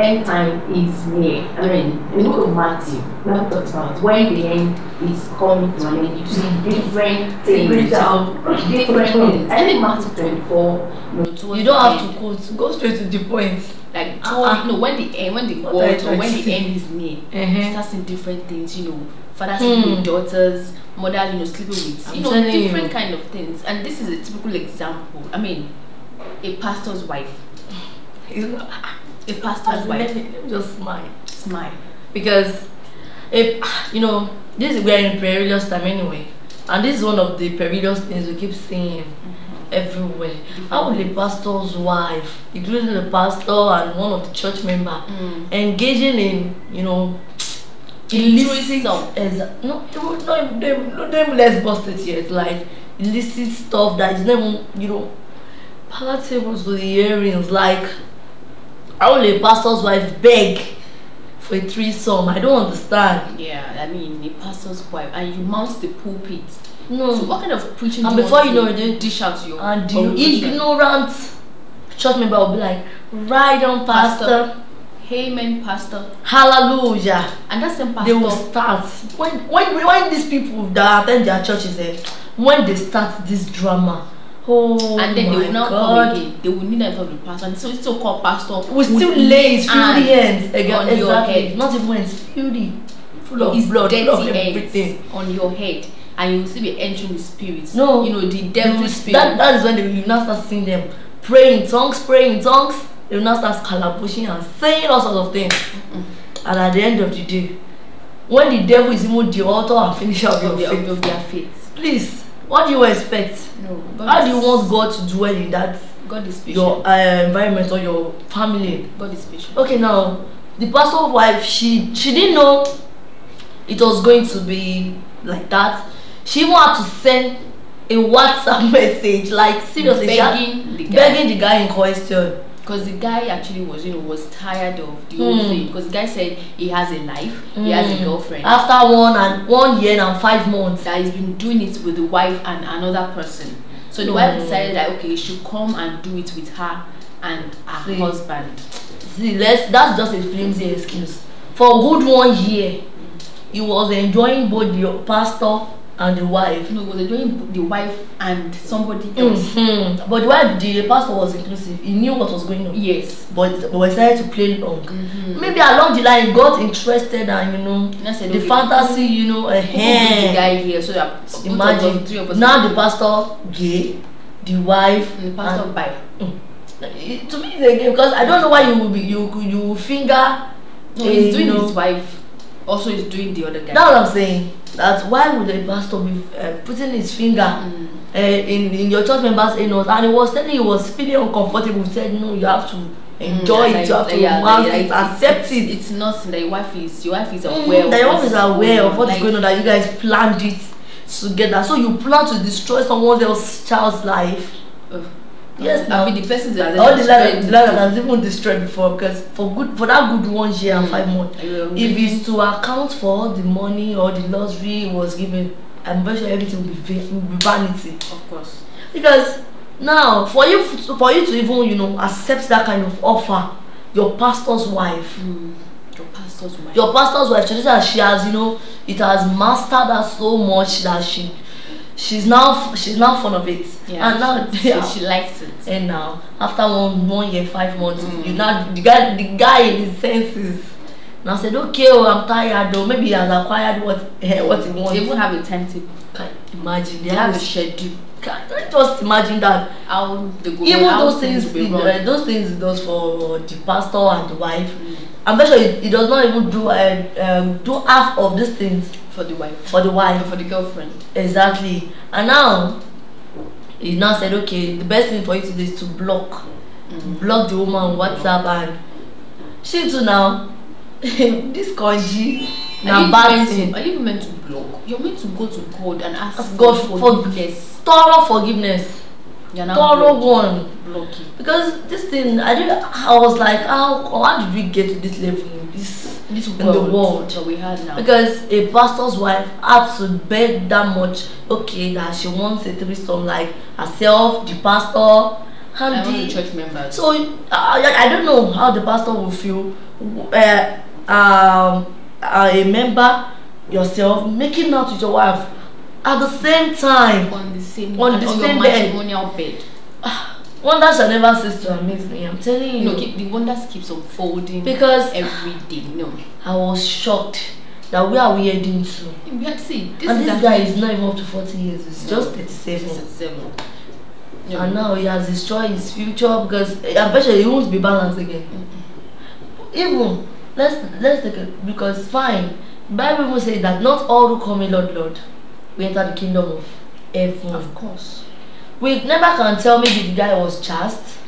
end time is near. I mean, in the book of Matthew, we have talked about when the end is coming to an end. You see different things, different things. Um, I think Matthew 24. No, you don't have to quote. Go straight to the point. Like uh, uh, no, when the end, when the or when the end is near, uh-huh. starts different things. You know, fathers hmm. sleeping with daughters, mother, you know, sleeping with, you I'm know, different you. kind of things. And this is a typical example. I mean, a pastor's wife a pastor's wife. just smile. Smile. Because, if, you know, this we are in perilous time anyway. And this is one of the perilous things we keep seeing mm-hmm. everywhere. How the a pastor's wife, including the pastor and one of the church member, mm. engaging in, you know, illicit stuff? No, no, them, not them less busted yet. Like illicit stuff that is never you know, palatable to the earrings. Like how will a pastor's wife beg for a threesome? I don't understand. Yeah, I mean, a pastor's wife, and you mount the pulpit. No. So what kind of preaching? And you before you know it, dish out your and the ignorant church member will be like, "Right on, pastor. pastor. Amen, pastor. Hallelujah. And that's the pastor. They will start when when when these people that attend their churches, eh, when they start this drama, Oh and then they will not God. come again. They will need them from the pastor. so it's still called pastor. We still lay his filthy hands again on exactly. your head. Not even when it's filthy, full of it's blood, dirty blood, everything on your head, and you will still be entering the spirits. No, you know the devil spirit. That, that is when they will not start seeing them praying tongues, praying tongues. They will not start calabushing and saying all sorts of things. Mm-mm. And at the end of the day, when the devil is even the author and finisher of, of, your, faith, of your faith, please What do you expect? No. God How do you want God to dwell in that? God is patient. Your uh, eh, environment or your family. God is patient. Okay, now the pastor's wife, she she didn't know it was going to be like that. She even had to send a WhatsApp message, like seriously, begging, had, the, guy. begging the guy in question. because the guy actually was you know was tired of the whole hmm. thing because the guy said he has a life mm. he has a hmm. girlfriend after one and one year and five months that he's been doing it with the wife and another person so the mm. wife hmm. decided that okay he should come and do it with her and her see, husband see that's that's just a flimsy excuse for a good one year he was enjoying both the pastor and the wife. No, was enjoying the wife and somebody else. Mm-hmm. But the wife, the pastor was inclusive. He knew what was going on. Yes. But but we started to play long. Mm-hmm. Maybe along the line, got interested and you know That's the fantasy, you know, uh, the guy here. So that imagine three of us now the pastor gay, the wife, and the pastor and, by. Mm. To me, it's a game because I don't know why you will be you you finger. No, he's doing you know, his wife. Also, he's doing the other guy. That's what I'm saying that why would the pastor be uh, putting his finger mm. uh, in, in your church member's anus and he was telling he was feeling uncomfortable he said no you have to enjoy mm, yeah, it you have to yeah, love yeah, it it's, accept it it's not like your wife is your wife is mm, aware mm, that your wife is aware of what like, is going on that you guys planned it together so you plan to destroy someone else child's life Ugh. Yes, now be the person that all the land, the land has even destroyed before because for good for that good one year and mm. five months, if it's to account for all the money or the luxury was given, I'm very sure everything will be, will be vanity. Of course, because now for you for you to even you know accept that kind of offer, your pastor's wife. Mm. Your pastor's wife. Your pastor's wife. She has, she has, you know, it has mastered her so much that she she's now she's now fond of it yeah, and now she, yeah. she likes it and now after one one year five months mm. you now the guy the guy in his senses now said okay oh i'm tired though maybe he has acquired what uh, what he wants they even have a timetable can imagine they, they have a schedule can just imagine that how they go even those things, things those things he does for the pastor and the wife mm. i'm sure he, he does not even do uh, um, do half of these things for the wife for the wife for the girlfriend exactly and now he now said okay the best thing for you to do is to block mm-hmm. block the woman on WhatsApp and she too now this Are you bad thing are you meant to block you're meant to go to God and ask As God for forgiveness thorough forgiveness thorough one blocking because this thing I did I was like how how did we get to this level this in the world that we had now. Because a pastor's wife had to beg that much, okay, that she wants a threesome, like herself, the pastor, and the, the church members. So uh, I don't know how the pastor will feel. Uh, um, uh, a member yourself making out with your wife at the same time on the same on the on same bed. bed Wonders shall never cease to amaze me. I'm telling you. No, keep, the wonders keeps unfolding. Because every day, no. I was shocked that we are we heading to? We had see. This and is this guy is not even up to 40 years. It's no, just 37. 37. No. And now he has destroyed his future because eh, I he won't be balanced again. Mm -mm. Even let's let's take it because fine. Bible even say that not all who call me Lord Lord will enter the kingdom of heaven. Of course. We never can tell me the guy was just.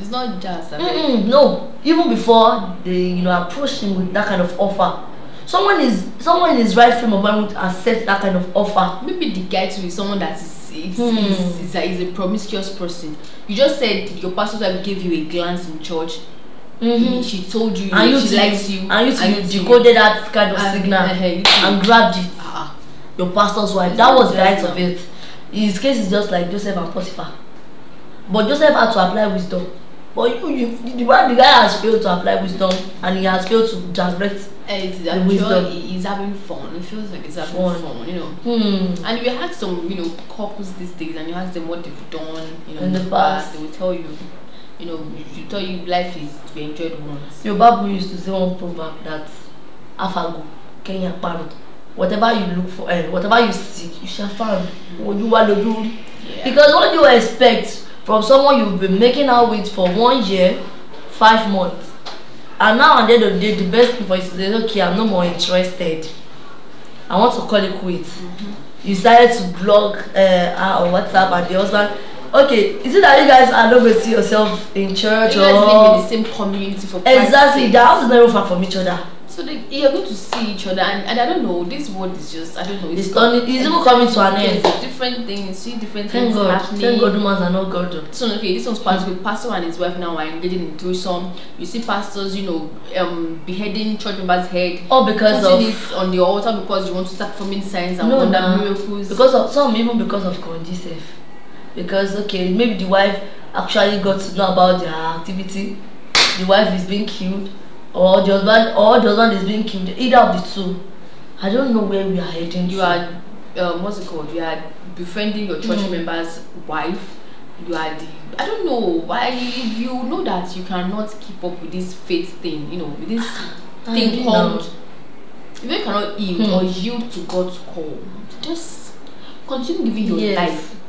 It's not just. no, even before they you know approached him with that kind of offer, someone is someone in his right frame of mind would accept that kind of offer. Maybe the guy to be someone that is is, is, hmm. a, a promiscuous person. You just said your pastor's wife gave you a glance in church. Mm -hmm. She told you, and you she likes you, and you, and you decoded that kind of and, signal eh, eh, and grabbed it. Uh, your pastor's wife. That was the height of it. his case is just like Joseph and Potiphar but Joseph had to apply wisdom but you you the, the the guy has failed to apply wisdom and he has failed to direct eh, the wisdom. Sure he's having fun. It feels like he's having fun, fun you know. Hmm. And if you ask some, you know, couples these days, and you ask them what they've done, you know, in the, past, past, they will tell you, you know, they tell you life is to be enjoyed once. Your babu used to say one proverb that, "Afago, Kenya paro." whatever you look for and eh, whatever you seek you shall find ojuwa loju ri because what you expect from someone you've been making out with for one year five months and now at the end of the day the best thing for you to say okay i'm no more interested i want to call it quits mm-hmm. you started to blog uh, eh, her on whatsapp and the husband okay is it that you guys are not going to see yourself in church you guys or live in the same community for exactly their house is very far from each other So they, you're going to see each other, and, and I don't know. This world is just I don't know. It's, it's, it's even coming to an end. Different things, see different Thank things God. happening. Thank God, humans are not God. So okay, this one's pastor. with Pastor and his wife now are engaging in some? You see pastors, you know, um, beheading church members' head. All because of it on the altar because you want to start forming signs and no, wonder nah. miracles. Because of some even because of conducive. Because okay, maybe the wife actually got to know about their activity. The wife is being killed or the husband or the husband is being killed either of the two i don't know where we are heading you to. are um, what's it called you are befriending your church mm. member's wife you are the i don't know why if you know that you cannot keep up with this faith thing you know with this thing called if you cannot yield hmm. or yield to god's call just continue giving your yes. life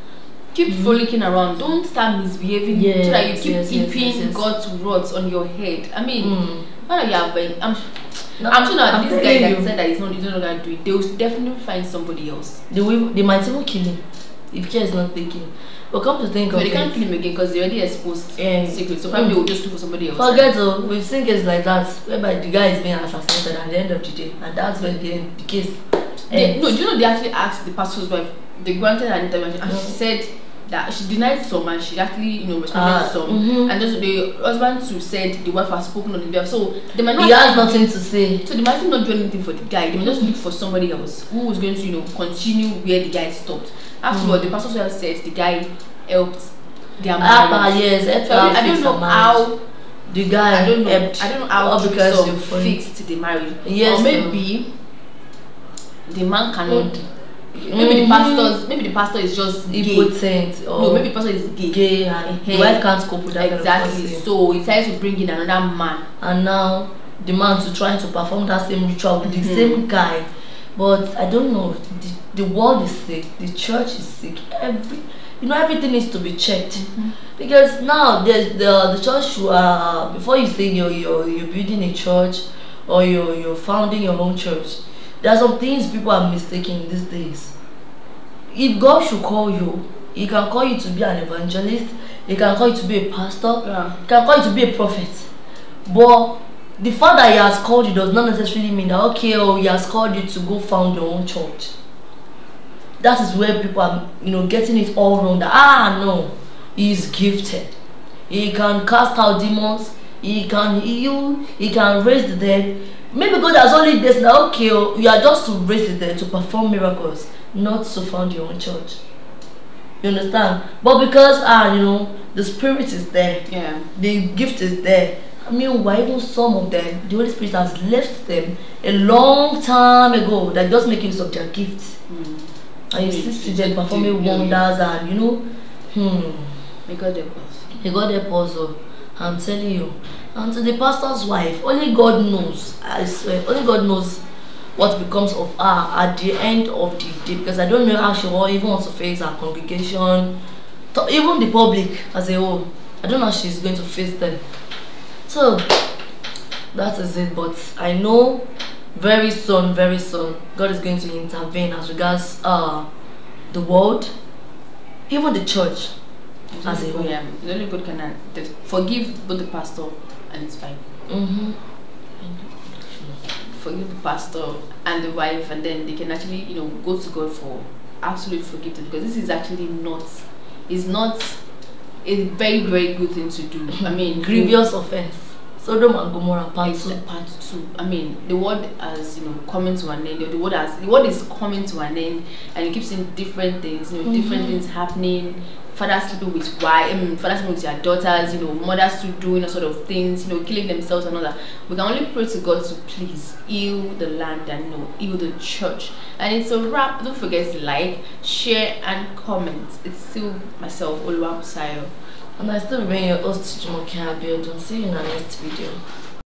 keep mm. frolicking around don't start misbehaving yes, so that you keep yes, yes, yes God's words on your head. I mean, mm. Why not? Yeah, but I'm, I'm sure that I'm this guy that you. said that he's not, he's not gonna do it, they will definitely find somebody else. They will. They might even kill him if he is not thinking. But come to think of it, they can't kill him again because they already exposed yeah. secret. So probably mm. they will just look for somebody else. Forget though, we've seen cases like that whereby the guy is being assassinated at the end of the day, and that's when the, the case. They, no, do you know they actually asked the pastor's wife? They granted an intervention, and no. she said that she denied some and she actually you know responded uh, some mm -hmm. and those the husband to said the wife has spoken on the behalf so they might not he has nothing to say so they might not do anything for the guy they might just look for somebody else who was going to you know continue where the guy stopped after mm. the pastor well said the guy helped their ah, marriage ah, yes I, I don't know how the guy I don't know helped I don't know how because fixed the marriage yes or maybe no. the man cannot mm maybe mm -hmm. the mm-hmm. pastor maybe the pastor is just impotent gay. or no maybe the pastor is gay gay and the wife can't cope with that exactly kind of so he tries to bring in another man and now the man to try to perform that same ritual with mm -hmm. the mm-hmm. same guy but i don't know the, the world is sick the church is sick every you know everything needs to be checked mm -hmm. because now the the, the church uh, before you say you're, you're you're building a church or you're you're founding your own church there are some things people are mistaken these days. If God should call you, He can call you to be an evangelist, He can call you to be a pastor, yeah. He can call you to be a prophet. But the fact that He has called you does not necessarily mean that, okay, oh, He has called you to go found your own church. That is where people are, you know, getting it all wrong. That, ah, no, he's gifted. He can cast out demons, He can heal, He can raise the dead, Maybe God has only this now, okay, oh, you are just to raise there to perform miracles, not to found your own church. You understand? But because, ah, you know, the spirit is there, yeah, the gift is there. I mean, why even some of them, the Holy Spirit has left them a long time ago that just make use of their gifts. Mm. And you see students performing wonders and, you know, hmm. May God help us. May God help us. Oh. I'm telling you. And to the pastor's wife, only God knows. I swear, only God knows what becomes of her at the end of the day because I don't know how she will even want to face her congregation, even the public as a whole. I don't know how she's going to face them. So that is it, but I know very soon, very soon, God is going to intervene as regards uh, the world, even the church. As a the only God can forgive both the pastor and his wife. Mm -hmm. Forgive the pastor and the wife, and then they can actually, you know, go to God for absolute forgiveness because this is actually not, it's not it's very, very good thing to do. I mean, grievous offense. Sodom and Gomorrah part two. Part two. I mean, the word has you know coming to an end. The word has the word is coming to an end, and it keeps in different things. You know, mm -hmm. different mm-hmm. things happening fathers to do with why, um, fathers to do with their daughters, you know, mothers to do, you know, sort of things, you know, killing themselves and all that. We can only pray to God to please heal the land and you know, heal the church. And it's a wrap. Don't forget to like, share, and comment. It's still myself, Oluwabusayo. And I still remain your host, do Abiodun. See you in our next video.